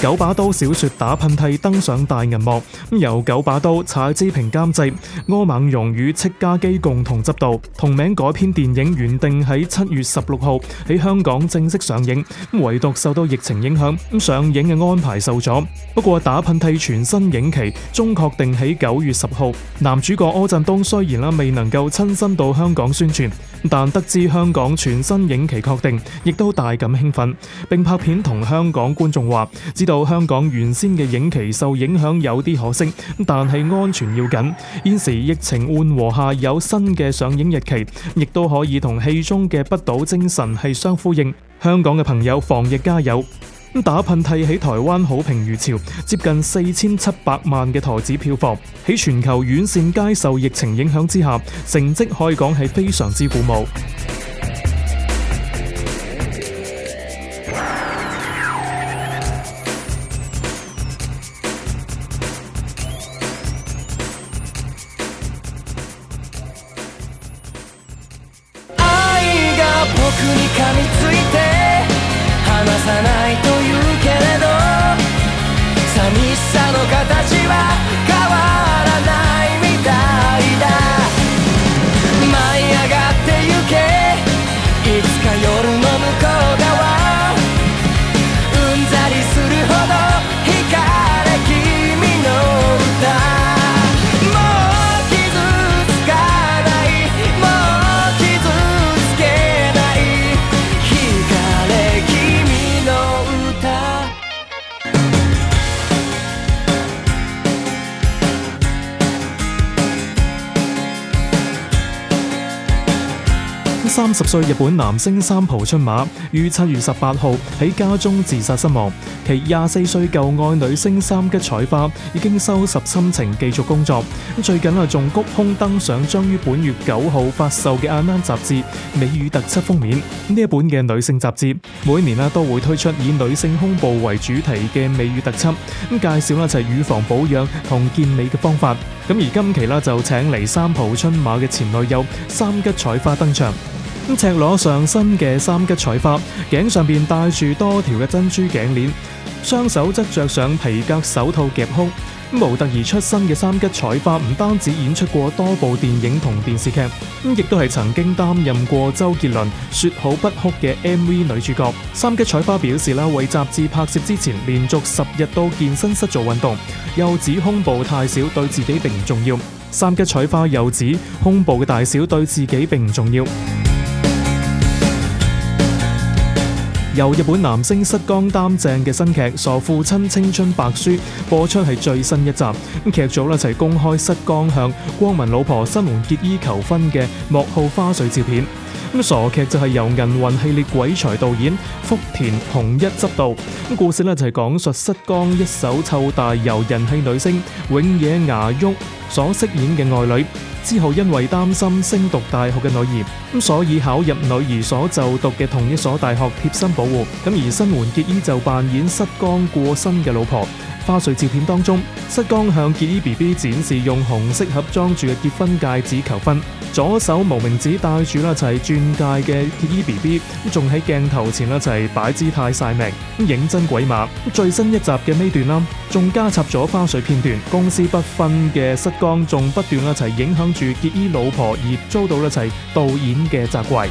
《九把刀》小説《打噴嚏》登上大銀幕，由《九把刀》柴智屏監製，柯孟融與戚家基共同執導。同名改編電影原定喺七月十六號喺香港正式上映，唯獨受到疫情影響，上映嘅安排受阻。不過，《打噴嚏》全新影期終確定喺九月十號。男主角柯震東雖然啦未能夠親身到香港宣傳，但得知香港全新影期確定，亦都大感興奮，並拍片同香港觀眾話。到香港原先嘅影期受影響有啲可惜，但係安全要緊。現時疫情緩和下有新嘅上映日期，亦都可以同戲中嘅不倒精神係相呼應。香港嘅朋友防疫加油！打噴嚏喺台灣好評如潮，接近四千七百萬嘅台子票房，喺全球院線皆受疫情影響之下，成績可以講係非常之鼓舞。三十歲日本男星三浦春馬於七月十八號喺家中自殺身亡。其廿四歲舊愛女星三吉彩花已經收拾心情繼續工作。最近啊，仲谷胸登上將於本月九號發售嘅《anan》雜誌美語特輯封面。呢一本嘅女性雜誌每年啦都會推出以女性胸部為主題嘅美語特輯，咁介紹啦就係預防保養同健美嘅方法。咁而今期啦就請嚟三浦春馬嘅前女友三吉彩花登場。赤裸上身嘅三吉彩花，頸上邊戴住多條嘅珍珠頸鏈，雙手則着上皮革手套夾胸。模特兒出身嘅三吉彩花唔單止演出過多部電影同電視劇，亦都係曾經擔任過周杰倫說好不哭嘅 MV 女主角。三吉彩花表示啦，為雜誌拍攝之前連續十日到健身室做運動，又指胸部太小對自己並唔重要。三吉彩花又指胸部嘅大小對自己並唔重要。由日本男星失江擔正嘅新劇《傻父親青春白書》播出係最新一集，咁劇組咧一齊公開失江向光文老婆新門結衣求婚嘅幕後花絮照片。咁傻劇就係由銀魂系列鬼才導演福田雄一執導，咁故事呢就係講述失江一手湊大由人氣女星永野芽郁所飾演嘅愛女。之後因為擔心升讀大學嘅女兒，咁所以考入女兒所就讀嘅同一所大學貼身保護。咁而新垣結衣就扮演室剛過身嘅老婆。花絮照片當中，室剛向結衣 B B 展示用紅色盒裝住嘅結婚戒指求婚，左手無名指戴住啦一齊鑽戒嘅結衣 B B，仲喺鏡頭前一齊擺姿態晒命，咁認真鬼馬。最新一集嘅尾段啦，仲加插咗花絮片段，公私不分嘅室剛仲不斷一齊影響住結衣老婆而遭到一齊導演嘅責怪。